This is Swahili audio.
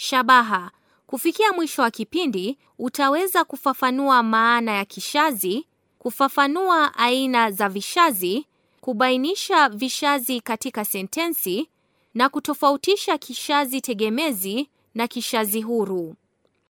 Shabaha: kufikia mwisho wa kipindi, utaweza kufafanua maana ya kishazi, kufafanua aina za vishazi, kubainisha vishazi katika sentensi na kutofautisha kishazi tegemezi na kishazi huru.